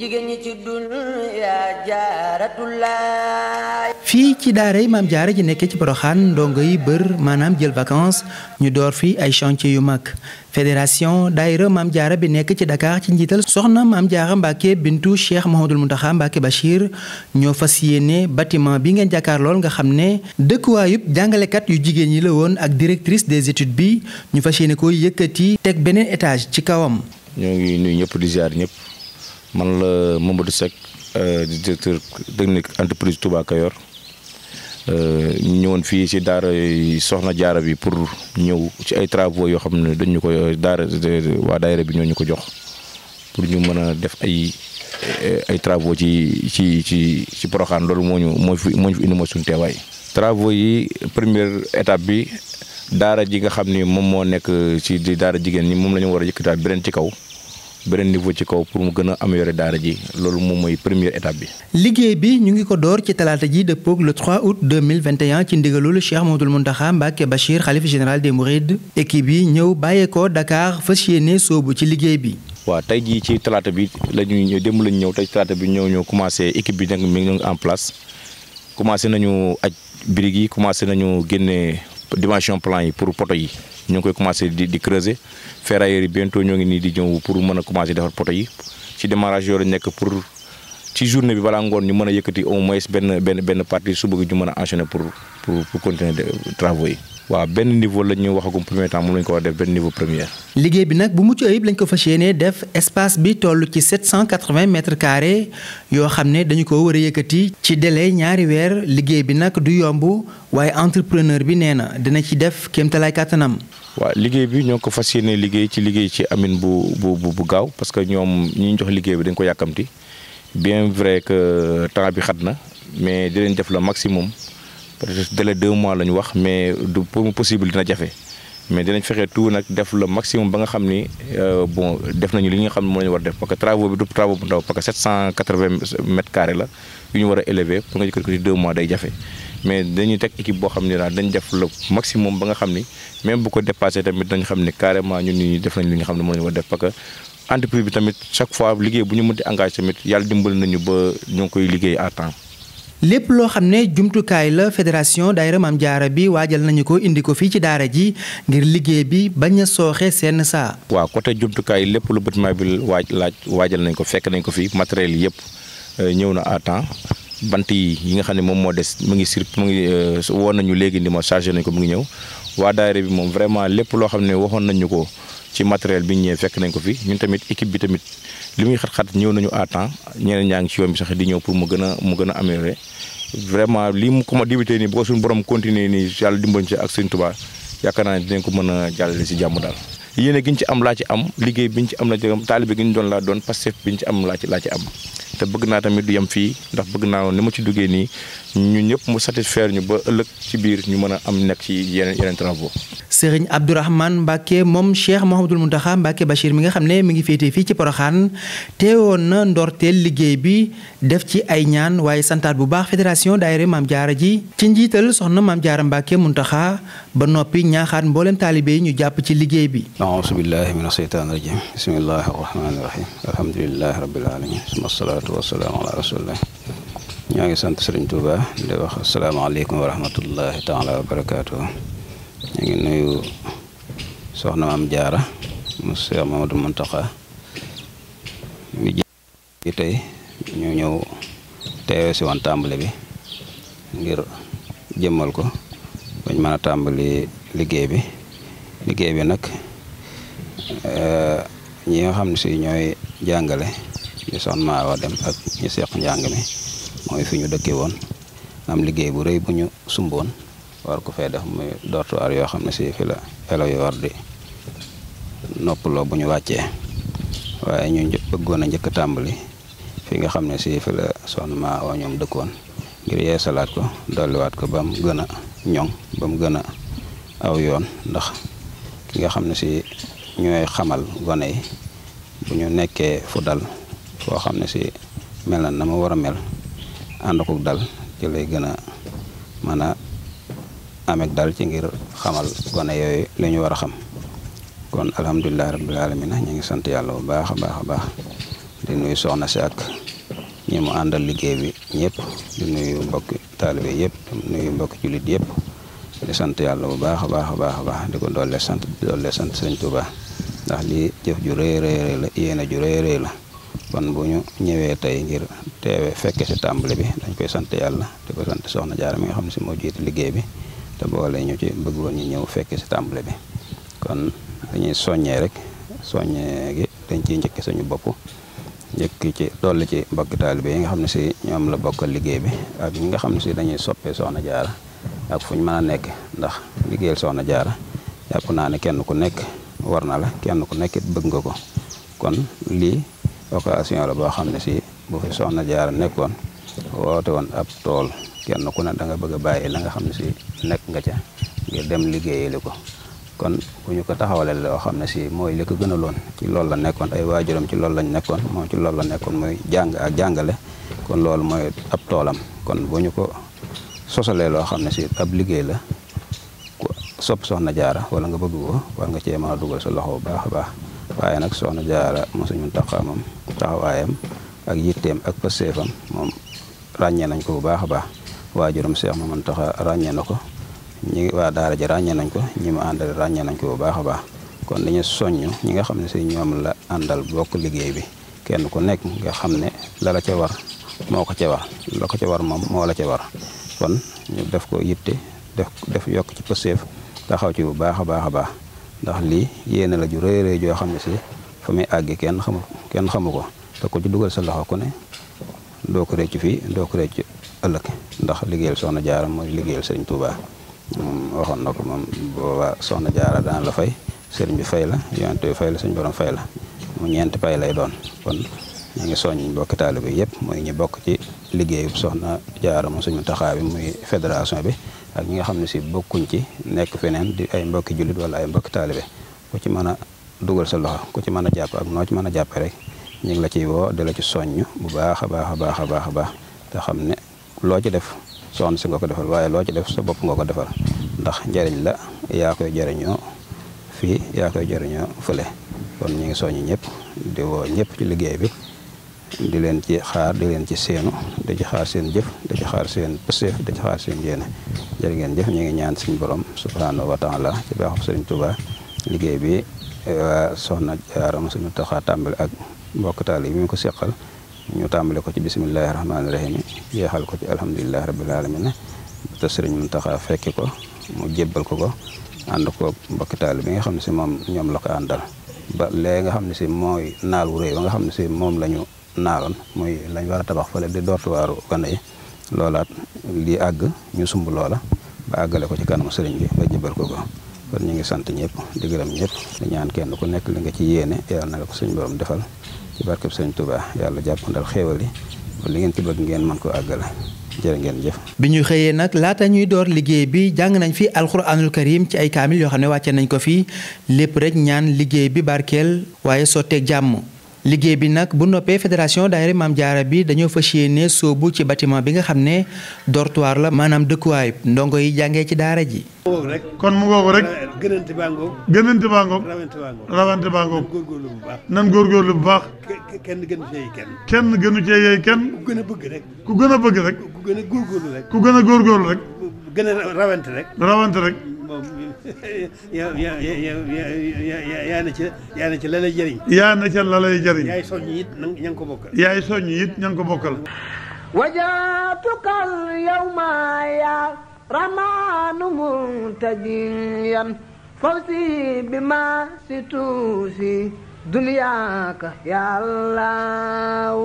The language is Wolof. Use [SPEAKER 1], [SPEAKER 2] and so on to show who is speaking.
[SPEAKER 1] jigéen ñi fii ci daara yi maam jaara ji nekkee ci Poroxaan ndongo yi bër maanaam jël vacances ñu door fi ay chantier yu mag fédération daayira maam jaara bi nekk ci dakaar ci njiital soxna maam jaara Mbacke bintu Cheikh Mouhamadoul Mountakha Mbacke Bachir ñoo fas yéene bâtiment bi ngeen jàkkaar lool nga xam ne dëkkuwaayub jàngalekat yu jigéen ñi la woon ak directrice des études bi ñu fas yéene ko yëkkati teg beneen étage ci kawam.
[SPEAKER 2] ñoo ngi nuyu ñëpp di ziar ñëpp. man la Mamadou Seck euh, di directeur technique entreprise Touba Kayor euh, ñu ñëwoon fii si daara soxna jaara bi pour ñëw ci ay travaux yoo xam ne dañu ko daara waa daayira bi ñoo ñu ko jox pour ñu mën a def ay ay travaux ci ci ci ci Porokhane loolu moo ñu moo fi moo ñu fi indi mooy suñu teewaay. travaux yi première étape bi daara ji nga xam ni moom moo nekk ci daara jigéen ñi moom la ñu war a yëkkataat beneen ci kaw. beneen niveau ci kaw pour mu gën a daara ji loolu moom mooy première étape bi.
[SPEAKER 1] liggéey bi ñu ngi ko door ci talaata ji dëppoog le 3 août 2021 ci ndigalul Cheikh Mouhamadoul Mountakha Mbacké Bachir xalif général des Mourides
[SPEAKER 2] équipe yi ñëw bàyyeekoo dakaar fas yéene soobu ci liggéey bi. waaw tey jii ci talaata bi la ñuy ñëw démb la ñu ñëw tey talaata bi ñëw ñoo commencé équipe bi nag mi ngi en place commencé nañu aj birig yi commencé nañu génne dimension plan yi pour poto yi. ñoo ngi koy commencé di di creuser ferrailleurs yi ñoo ngi nii di jëm pour mën a commencé defar poto yi ci démarrage la nekk pour ci journée bi bala ngoon ñu mën a yëkkati au moins benn benn benn partie suba gi ñu mën a enchaîner pour pour pour continuer travaux yi. waaw benn niveau la ñu waxagum premier temps moom la ñu ko war def benn niveau première.
[SPEAKER 1] liggéey bi nag bu mucc ayib lañ ko fas yéenee def espace bi toll ci 780 mètres carrés yoo xam ne dañu ko war a yëkkati ci délai ñaari weer liggéey bi nag du yomb waaye entrepreneur bi nee na dina ci def kéemtalaay kàttanam.
[SPEAKER 2] waaw liggéey bi ñoo ko fas liggéey ci liggéey ci amin bu bu bu gaaw parce que ñoom ñi ñu jox liggéey bi dañ ko yàkkamti bien vrai que temps bi xat na mais dinañ def le maximum. peut-être délai deux mois la ñu wax mais du pour mu possible dina jafe mais dinañ fexe tout nag def le maximum ba nga xam ni euh, bon def nañu li nga xam ne moo la war def parce que travaux bi du travaux bu ndaw parce que 780 mètres carrés war a élever pour nga jëkkër ko ci deux mais dañuy teg équipe boo xam ne daal dañ def le maximum ba nga xam ni même bu ko dépassé tamit dañ xam ni carrément ñun ñi def nañ li nga xam ne moo la ñu war def parce entreprise bi tamit chaque fois liggéey bu ñu mënti engagé tamit yàlla dimbali nañu ba ñoo ngi koy liggéey à temps
[SPEAKER 1] lépp loo xam ne jumtukaay la fédération daayira Maam Jaara bi waajal nañu ko indi ko fii ci daara ji ngir
[SPEAKER 2] liggéey bi bañ a sooxe seen saa. waaw côté jumtukaay lépp lu bâtiment bi waaj laaj waajal nañ ko fekk nañ ko fii matériel yëpp euh, ñëw na à temps bant yi yi nga xam ne moom moo des mu ngi sur mu ngi euh, woon nañu léegi ni ma chargé nañ ko mu ngi ñëw waa daayira bi moom vraiment lépp loo xam ne waxoon nañu ko. ci matériel bi ñu ñëwee fekk nañ ko fi ñun tamit équipe bi tamit li muy xat-xat ñëw nañu à temps ñeneen ñaa ngi ci yoon bi sax di ñëw pour mu gën a mu gën a améliorer vraiment li mu ko ma débuté nii bu ko borom continuer nii yàlla dimbañ ci yaakaar naa ne dinañ ko mën a jàllale si jàmm daal yéene gi ñu ci am laa ci am liggéey bi ñu ci am la ci am taalibe bi ñu doon laa doon Pastef bi ñu ci am laa ci laa am te bëgg naa tamit du yem fii ndax bëgg naa ni ma ci duggee nii ñu ñëpp mu satisfaire ñu ba ëllëg ci biir ñu mën a am nekk ci yeneen yeneen travaux sëriñ
[SPEAKER 1] Abdourahmane Mbacke moom Cheikh Mouhamadul Mountakha Mbacke Bachir mi nga xam ne mi ngi féete fii ci Poroxaan teewoon na ndorteel liggéey bi def ci ay ñaan waaye santaat bu baax fédération daayira Maam Jaara ji ci njiital soxna Maam Jaara Mbacke Mountakha ba noppi ñaaxaat mboolem taalibe
[SPEAKER 3] yi ñu jàpp ci liggéey bi. aouzu billahi mina sheytaani rajim bismillahi rahmaani rahim alhamdulillahi rabbil alamin suma salaatu wa salaamu ngi sant Sëriñ Tuuba ñu ngi nuyu soxna maam jaara mu Seex Mamadu Muntaxa mi ji tey ñu ñëw teewe si woon tàmbali bi ngir jëmmal ko bañ mën a tàmbali liggéey bi liggéey bi nag eh, ñi nga xam ne si ñooy jàngale ñu soxna Maawa dem ak ñu seq njàng mi mooy fi ñu dëkke woon liggéey bu rëy bu ñu sumboon war ko fee def muy dortoir yoo xam ne si fi la élèves yi war di noppaloo bu ñu wàccee waaye ñu bëggoon a njëkk a tàmbali fi nga xam ne si fi la sonn oo ñoom dëkkoon ngir yeesalaat ko dolliwaat ko ba mu gën a ñoŋ ba mu gën a aw yoon ndax ki nga xam ne si ñooy xamal gone yi bu ñu nekkee fu dal foo xam ne si mel na na mu war a mel ànd dal ci lay gën a a amek daal ci ngir xamal gone yooyu li ñu war a xam kon alhamdulilah rabbil alamin ñu ngi sant yàlla bu baax a baax a baax di nuyu soxna si ak ñi àndal liggéey bi ñëpp di nuyu mbokki taalibe yëpp di nuyu mbokki jullit yëpp sant yàlla bu baax a baax a baax a baax di ko doole sant di doole sant sëñ Tuubaa ndax lii jëf ju rëy rëy rëy la ju rëy la kon bu ñu ñëwee tey ngir teewe fekke si tàmbali bi dañ koy sant yàlla di ko sant soxna Jaara mi nga xam ne si moo liggéey bi te boole ñu ci bëgg bëggoon ñu ñëw fekk si tàmbale bi kon dañuy soññee rek soññee gi dañ ci njëkki suñu bopp njëkk ci dolli ci mbokk taalibe yi nga xam ne si ñoom la bokkal liggéey bi ak ñi nga xam ne si dañuy soppee soxna jaara ak fuñ ñu mën a nekk ndax liggéeyal soxna jaara jàpp naa ne kenn ku nekk war na la kenn ku nekk bëgg nga ko kon lii occasion la boo xam ne si bu fi soxna jaara nekkoon woote woon ab tool kenn ku ne da nga bëgg a bàyyi la nga xam ne si nekk nga ca nga dem liggéeyali ko kon bu ñu ko taxawale loo xam ne si mooy li ko gën a loon ci loolu la nekkoon ay waajuram ci loolu lañ nekkoon moom ci loolu la nekkoon muy jàng ak jàngale kon loolu mooy ab toolam kon bu ñu ko sosalee loo xam ne si ab liggéey la ku sopp soxna jaara wala nga bëgg ko war nga cee a dugal sa loxo bu baax a baax waaye nag soxna jaara mosuñu taxawaayam ak yitteem ak pëseefam ràññee nañ ko bu baax a baax waajuram Cheikh Mamadou Taxa ràññee na ko ñi waa daara ji ràññee nañ ko ñi mu àndal ràññee nañ ko bu baax a baax kon dañu soññ ñi nga xam ne si ñoom la àndal bokk liggéey bi kenn ku nekk nga xam ne la la ca war moo ko ca war la ko ca war moom moo la ca war kon ñu def ko yitte def def yokk ci pëseef taxaw ci bu baax a baax a baax ndax lii yéene la ju rëy rëy joo xam ne si fa muy àgg kenn xamu kenn xamu ko te ko ci dugal sa loxo ku ne doo ko rëcc fii doo ko rëcc ëllëg ndax liggéeyal soxna jaara mooy liggéeyal sëriñ Touba moom waxoon na ko moom booba soxna jaara dana la fay sëriñ bi fay la yonent bi fay la suñ borom fay la mu ñeenti pay lay doon kon ñu ngi soññ mbokki taalibe bi yëpp mooy ñu bokk ci liggéeyu soxna jaara mu suñu taxaa bi muy fédération bi ak ñi nga xam ne si bokkuñ ci nekk feneen di ay mbokki jullit wala ay mbokki taalibe ku ci mën a dugal sa loxo ku ci mën a jàpp ak noo ci mën a jàppe rek ñu ngi la ciy woo di la ci soññ bu baax a baax a baax a baax a baax te xam ne loo ci def soxna si nga ko defal waaye loo ci def sa bopp nga ko defal ndax njariñ la yaa koy jëriñoo fii yaa koy jëriñoo fële kon ñu ngi soññ ñëpp di woo ñëpp ci liggéey bi di leen ci xaar di leen ci seenu di ci xaar seen jëf di ci xaar seen pëseef di ci xaar seen yéene jërë ngeen jëf ñu ngi ñaan suñu borom subhanahu wa taala ci baaxu Sëriñ Tuubaa liggéey bi waa soxna jaaram suñu taxaa tàmbali ak mbokk taal yi mi ko seqal ñu tàmbale ko ci bisimilahi rahmaani rahim jeexal ko ci alhamdulilahi rabil alamin te sëriñ taxa fekki ko mu jébbal ko ko ànd ko mbokki taal bi nga xam ne si moom ñoom la ko àndal ba léegi nga xam ne si mooy naal wu rëy ba nga xam ne si moom la ñu naaloon mooy lañ war a tabax fële di dortuwaaru gane yi loolaat lii àgg ñu sumb loola ba àggale ko ci kanamu sëriñ bi ba ko ko kon ñu ngi sant ñëpp di gërëm ñëpp di ñaan kenn ku nekk li nga ci yéene yàlla na la ko suñ borom defal ci barkeb sëñ Tuubaa yàlla jàppandal xéewal yi li ngeen ci bëgg ngeen man ko àggale jërë ngeen jëf. bi
[SPEAKER 1] ñu xëyee nag laata ñuy door liggéey bi jàng nañ fi alxuraanul karim ci ay kaamil yoo xam ne wàcce nañ ko fi lépp rek ñaan liggéey bi barkeel waaye sotteeg jàmm. liggéey bi nag bu noppee fédération daayira Maam Jaara bi dañoo fas yéene sóobu ci bâtiment bi nga xam ne dortoir la maanaam dëkkuwaay ndongo yi jàngee ci daara ji.
[SPEAKER 3] kon mu woowu rek. gënante baa ngoog. gënante baa ngoog. rawante baa ngoog. nan góorgóorlu bu baax. kenn gënu cee yey kenn. kenn gënu cee yey kenn. ku gën a bëgg rek. ku gën a bëgg rek. ku gën a góorgóorlu rek. ku gën a góorgóorlu gën a rawante rek. moom yow yow yaa na ci yaa na ci la lay jëriñ. yaa na ca la lay jëriñ. yaay soññ it na nga ko bokkal. yaay soññ it na nga ko bokkal.
[SPEAKER 2] wajatukal yawma
[SPEAKER 1] ya ramaanu muntajiyan fawsi bi ma si tuusi duniyaaka yàllaaw